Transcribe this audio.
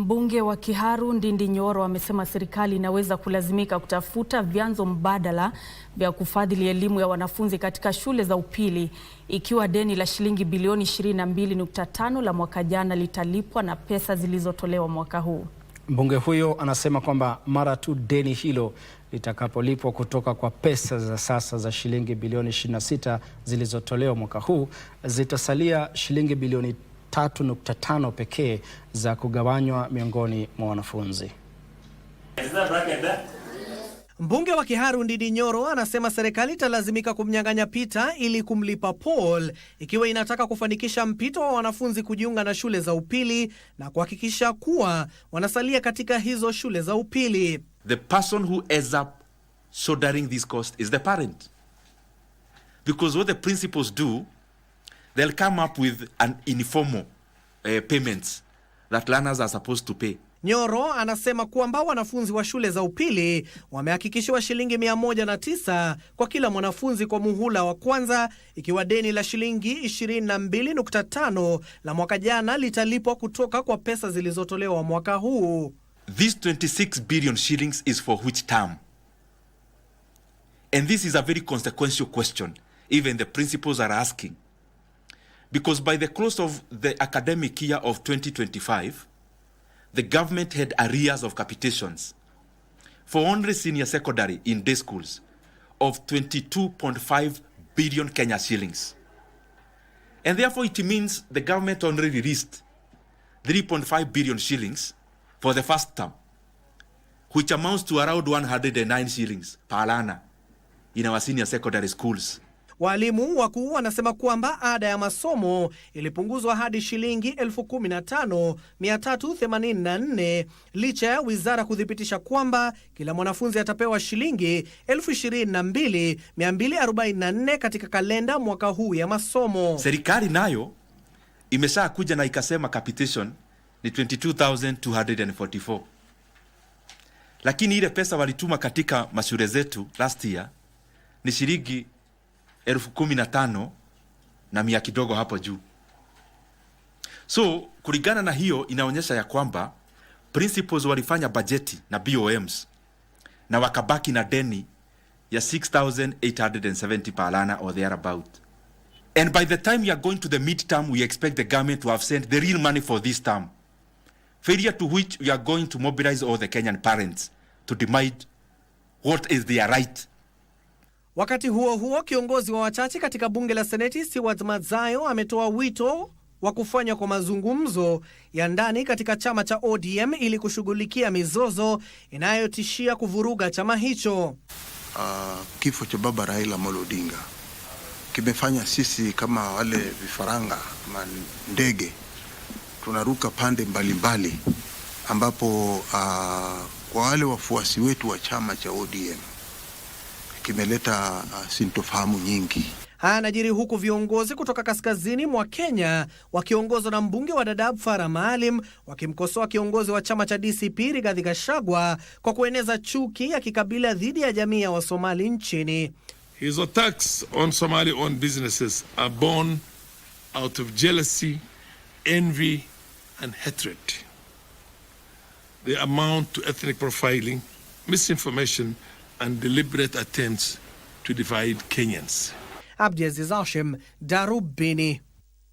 Mbunge wa Kiharu Ndindi Nyoro amesema serikali inaweza kulazimika kutafuta vyanzo mbadala vya kufadhili elimu ya wanafunzi katika shule za upili ikiwa deni la shilingi bilioni 22.5 la mwaka jana litalipwa na pesa zilizotolewa mwaka huu. Mbunge huyo anasema kwamba mara tu deni hilo litakapolipwa kutoka kwa pesa za sasa za shilingi bilioni 26 zilizotolewa mwaka huu, zitasalia shilingi bilioni 3.5 pekee za kugawanywa miongoni mwa wanafunzi. Mbunge wa Kiharu Ndindi Nyoro anasema serikali italazimika kumnyang'anya Peter ili kumlipa Paul ikiwa inataka kufanikisha mpito wa wanafunzi kujiunga na shule za upili na kuhakikisha kuwa wanasalia katika hizo shule za upili. The person who ends up shouldering this cost is the parent. Because what the principals do they'll come up with an informal uh, payment that learners are supposed to pay. Nyoro anasema kwamba wanafunzi wa shule za upili wamehakikishiwa shilingi 109 kwa kila mwanafunzi kwa muhula wa kwanza, ikiwa deni la shilingi 22.5 la mwaka jana litalipwa kutoka kwa pesa zilizotolewa mwaka huu. This 26 billion shillings is for which term? And this is a very consequential question even the principals are asking because by the close of the academic year of 2025, the government had arrears of capitations for only senior secondary in day schools of 22.5 billion Kenya shillings. And therefore, it means the government only released 3.5 billion shillings for the first term, which amounts to around 109 shillings per learner in our senior secondary schools. Walimu wakuu wanasema kwamba ada ya masomo ilipunguzwa hadi shilingi 15384 licha ya wizara kuthibitisha kwamba kila mwanafunzi atapewa shilingi 22244 katika kalenda mwaka huu ya masomo. Serikali nayo imesha kuja na ikasema capitation ni 22244 lakini ile pesa walituma katika mashule zetu last year ni shilingi elfu kumi na tano na mia kidogo hapo juu. So kulingana na hiyo inaonyesha ya kwamba principals walifanya bajeti na BOMs na wakabaki na deni ya 6870 palana or thereabout and by the time you are going to the midterm we expect the government to have sent the real money for this term failure to which we are going to mobilize all the Kenyan parents to demand what is their right Wakati huo huo, kiongozi wa wachache katika bunge la Seneti Stewart mazayo ametoa wito wa kufanywa kwa mazungumzo ya ndani katika chama cha ODM ili kushughulikia mizozo inayotishia kuvuruga chama hicho. Uh, kifo cha baba Raila Amolo Odinga kimefanya sisi kama wale vifaranga ma ndege tunaruka pande mbalimbali mbali, ambapo uh, kwa wale wafuasi wetu wa chama cha ODM kimeleta uh, sintofahamu nyingi. Haya anajiri huku viongozi kutoka kaskazini mwa Kenya wakiongozwa na mbunge wa Dadaab Farah Maalim wakimkosoa kiongozi wa chama cha DCP Rigathi Gachagua kwa kueneza chuki ya kikabila dhidi ya jamii ya Wasomali nchini. His attacks on Somali owned businesses are born out of jealousy, envy and hatred. They amount to ethnic profiling, misinformation and deliberate attempts to divide Kenyans. Abdiaziz Ashim, Darubini.